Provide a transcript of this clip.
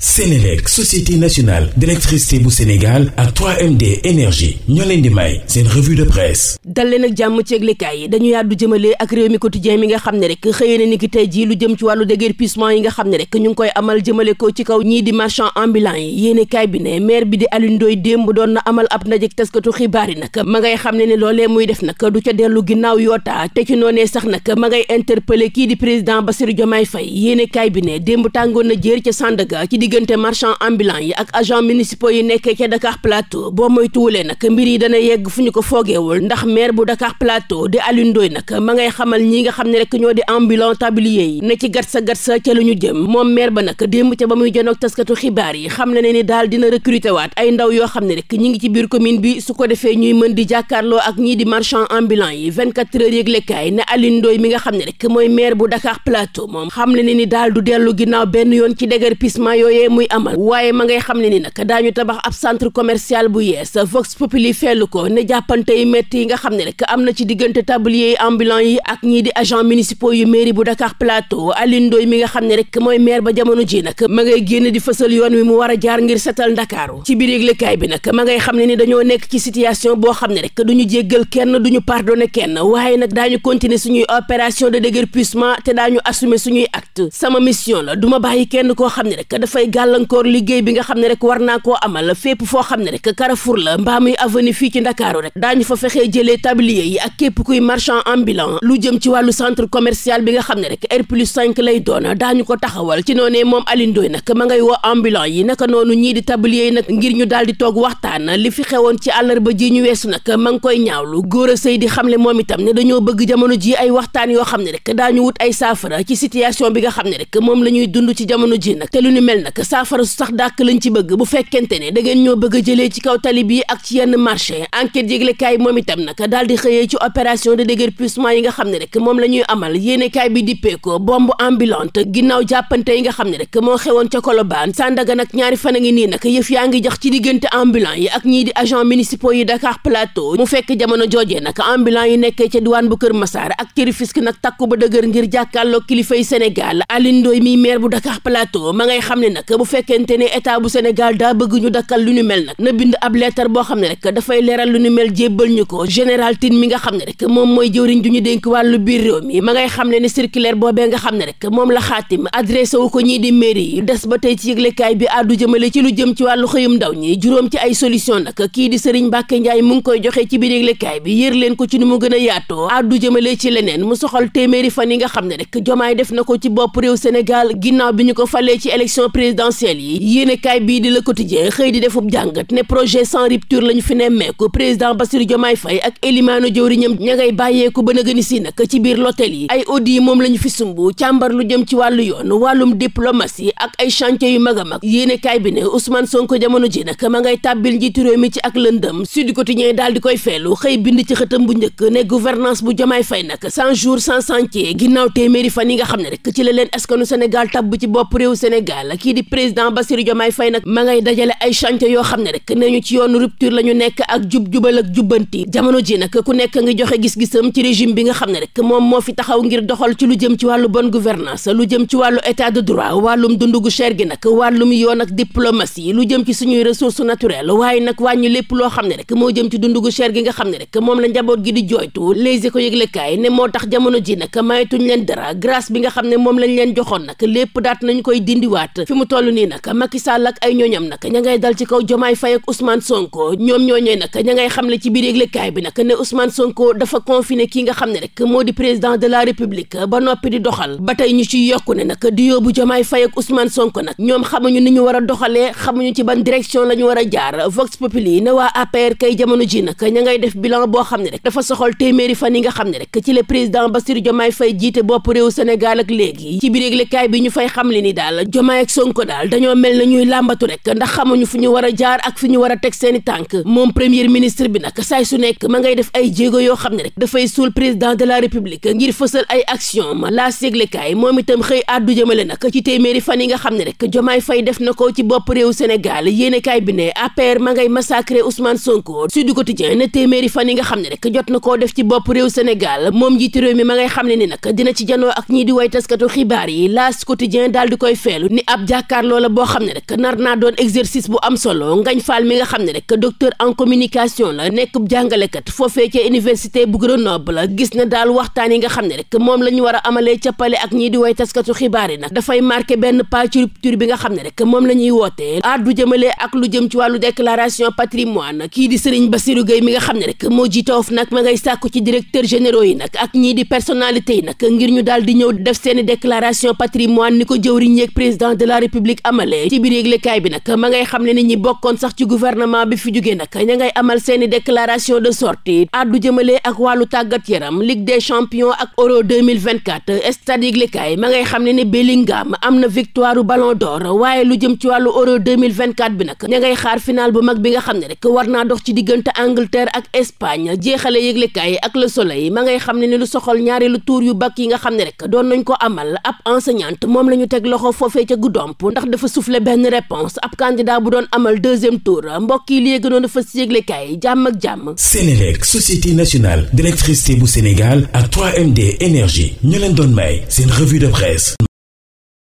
Sénélec société nationale d'électricité bu Sénégal ak 3MD énergie ñoo leen di may seen revue de presse dal jàmm ci yëglekaay yi dañu yàddu jëmale ak réew mi quotidien mi nga xam ne rek xëyee na ni ki tey jii lu jëm ci wàllu déguerpissement yi nga xam ne rek ñu ngi koy amal jëmale ko ci kaw ñii di marchand ambulant yi yéene kaay bi ne maire bi di Alioune Ndoye démb doon na amal ab ndajeg taskatu xibaar yi nag ma ngay xam ne ne loolee muy def nag du ca dellu ginnaaw yoota te ci noonee sax nag ma ngay kii di président Bassirou Diomaye Faye yéene kaay bi ne démb tàngoon na jéer ca diggante marchand ambulant yi ak agent municipaux yi nekkee ca Dakar Plateau boo moytuwulee nag mbir yi dana yegg fu ñu ko foogeewul ndax maire bu Dakar Plateau di Alioune Ndoye ma ngay xamal ñi nga xam ne rek ñoo di ambulant tablier yi ne ci gat sa gat sa ca lu ñu jëm moom maire ba nag démb ca ba muy janoog taskatu xibaar yi xam na ne ni daal dina recruter waat ay ndaw yoo xam ne rek ñi ngi ci biir commune bi su ko defee ñuy mën di jàkkaarloo ak ñii di marchand ambulant yi 24 heures yëglekaay ne Alioune Ndoye mi nga xam ne rek yooyee muy amal waaye ma ngay xam ne ni nag daañu tabax ab centre commercial bu yees Vox Populi fellu ko ne jàppante yu métti yi nga xam ne rek am na ci diggante tablier yi ambulant yi ak ñii di agent municipaux yu mairie bu Dakar Plateau Alioune Ndoye mi nga xam ne rek mooy maire ba jamono ji nag ma ngay génn di fësal yoon wi mu war a jaar ngir setal Ndakaaru ci biir yëglekaay bi nag ma ngay xam ne ni dañoo nekk ci situation boo xam ne rek duñu jéggal kenn duñu pardonné kenn waaye nag daañu continuer suñuy opération de déguerpissement te daañu assumer suñuy acte sama mission la gàllankoor liggéey bi nga xam ne rek war naa koo amal fépp foo xam ne rek Carrefour la mbaa muy avenue fii ci ndakaaru rek daañu fa fexee jëlee tablier yi ak képp kuy marchand ambulant lu jëm ci wàllu centre commercial bi nga xam ne rek R plus 5 lay doon daañu ko taxawal ci noonee moom Alioune Ndoye nag ma ngay woo ambulant yi naka noonu ñii di tablier yi nag ngir ñu daal di toog waxtaan li fi xewoon ci àllarba ji ñu nag ma ngi koy ñaawlu góor a sëy di xamle moom itam ne dañoo bëgg jamono ji ay waxtaan yoo xam ne rek daa ñu wut ay saafara ci situation bi nga xam ne rek moom la ñuy dund ci jamono ji lu ñu mel nag saafara su sax dàq lañ ci bëgg bu fekkente ne da ngeen ñoo bëgg a jëlee ci kaw tali bi ak ci yenn marché enquête yëglekaay moom itam nag daal di xëyee ci opération de déguerpissement yi nga xam ne rek moom la amal yéenekaay bi dippeeko bomb ambulante ginnaaw jàppante yi nga xam ne rek moo xewoon ca Colobane Sandaga nag ñaari fan a ngi nii nag yëf yaa ngi jox ci diggante ambulant yi ak ñii di agent municipaux yi Dakar Plateau mu fekk jamono joojee nag ambulant yi nekkee ca diwaan bu Kër Massar ak ci Rufisque nag takku ba dëgër ngir jàkkaarloo kilifay Sénégal Alioune Ndoye mi maire bu Dakar ma ngay xam ne nag nag bu fekkente ne état bu Sénégal daa bëgg ñu dakkal lu ñu mel nag na bind ab leetar boo xam ne rek dafay leeral lu ñu mel jébbal ñu ko général Tine mi nga xam ne rek moom mooy jëwriñ ju ñu dénk wàllu biir réew ma ngay xam ne ne circulaire boobee nga xam ne rek moom la xaatim adressé wu ko ñii di mairie yi des ba tey ci yëglekaay bi àddu jëmale ci lu jëm ci wàllu xëyum ndaw ñii juróom ci ay solution nag kii di Serigne Mbacké njaay mu ngi koy joxe ci biir yëglekaay bi yër leen ko ci ni mu gën a yaatoo àddu jëmale ci leneen mu soxal téeméeri fan yi nga xam ne rek jomaay def na ko ci bopp réew Sénégal ginnaaw bi ñu ko falee ci élection présidentielle yi yéenekaay bii di Le Quotidien xëy di defub jàngat ne projet sans rupture lañu fi nemmeeku président Bassirou Diomaye Faye ak Elimaanu jëwriñam ña ngay bàyyeeku ba nëgëni si nag ci biir lotel yi ay audit yi moom lañu fi sumb càmbar lu jëm ci wàllu yoon wàllum diplomatie ak ay chantier yu mag a mag yéenekaay bi ne Ousmane Sonko jamono ji nag ma ngay tàbbil njiitu réew mi ci ak lëndëm Sud Quotidien daal di koy feelu xëy bind ci xëtam bu njëkk ne gouvernance bu Diomaye Faye nag cent jours sans chantier ginnaaw téeméeri fan yi nga xam ne rek ci la leen askanu Sénégal ci bopp réew Sénégal président ba Bassirou Diomaye fay nag ma ngay dajale ay chantier yoo xam ne rek nañu ci yoonu rupture la ñu nekk ak jub-jubal ak jubbanti jamono ji nag ku nekk ngi joxe gis-gisam ci régime bi nga xam ne rek moom moo fi taxaw ngir doxal ci lu jëm ci wàllu bonne gouvernance lu jëm ci wàllu état de wàllum dundu gu cher gi nag wàllum yoon ak diplomatie lu jëm ci suñuy ressources naturelles waaye nag wàññi lépp loo xam ne rek moo jëm ci dundu gu cher gi nga xam ne rek moom la njaboot gi di jooytu les éco yëglekaay ne moo tax jamono ji nag mayetuñ leen dara grace bi nga xam ne moom lañ leen joxoon nag lépp daat nañ koy dindiwaat fi mu toll nii nag Macky Sall ak ay ñooñam nag ña ngay dal ci kaw Jomaay Faye ak Ousmane Sonko ñoom ñooñee nag ña ngay xamle ci biir yëglekaay bi nag ne Ousmane Sonko dafa confiné ki nga xam ne rek moo di président de la république ba noppi di doxal ba tey ñu ci yokku ne nag di yóbbu Jomaay Faye ak Ousmane Sonko nag ñoom xamuñu ni ñu war a doxalee xamuñu ci ban direction la ñu war a jaar Vox Populi ne waa APR kay jamono ji nag ña ngay def bilan boo xam ne rek dafa soxol téeméeri fan yi nga xam ne rek ci le président Bassirou Jomaay Faye jiite bopp réew Sénégal ak léegi ci biir yëglekaay bi ñu fay xamle ni daal Jomaay ak Sonko ko daal dañoo mel na ñuy làmbatu rek ndax xamuñu fu ñu war a jaar ak fi ñu war a teg seeni tànk moom premier ministre bi nag saay su nekk ma ngay def ay jéego yoo xam ne rek dafay suul président de la république ngir fësal ay action ma laa séglekaay moom itam xëy àddu jëmale nag ci téeméeri fan yi nga xam ne rek jomaay fay def na ko ci bopp réew Sénégal yéenekaay bi ne APR ma ngay massacrer Ousmane Sonko Sud Quotidien ne téeméeri fan yi nga xam ne rek jot na koo def ci bopp réew Sénégal moom jiitu réew mi ma ngay xam ne ni nag dina ci janoo ak ñii di way taskatu xibaar yi laas quotidien daal di koy jàkkaarloo la boo xam ne rek nar naa doon exercice bu am solo Ngagne Fall mi nga xam ne rek docteur en communication la nekk jàngalekat foofee ca université bu Grenoble gis na daal waxtaan yi nga xam ne rek moom la ñu war a amalee ca Palais ak ñii di way taskatu xibaar yi nag dafay marqué benn pas ci bi nga xam ne moom la ñuy wootee addu jëmale ak lu jëm ci wàllu déclaration patrimoine kii di Serigne ba Gueye mi nga xam ne rek moo jiite of nag ma ngay sàkku ci directeur généraux yi nag ak ñii di personnalité yi nag ngir ñu daal di ñëw def seeni déclaration patrimoine ni ko jëwriñ république amalee ci biir yëglekaay bi nag ma ngay xam ne ni ñi bokkoon sax ci gouvernement bi fi jógee nag ña ngay amal seeni déclaration de sortie addu jëmale ak wàllu tàggat yaram ligue des champions ak euro 2024 stade yëglekaay ma ngay xam ne ni Bellingham am na victoire ballon d'or waaye lu jëm ci wàllu euro bi nag ña ngay xaar final bu mag bi nga xam ne rek war naa dox ci diggante Angleterre ak Espagne jeexale yëglekaay ak Le Soleil ma ngay xam ne ni lu soxal ñaareelu tour yu bakk yi nga xam ne rek doon nañ ko amal ab la ñu teg loxo ndax dafa soufflé benn réponse ab candidat bu doon amal deuxième tour mbokk yi léegi noonu fa si yëgle kaay jàmm ak jàmm. Sénélec société nationale d'électricité bu Sénégal ak 3MD énergie ñu leen doon may seen revue de presse.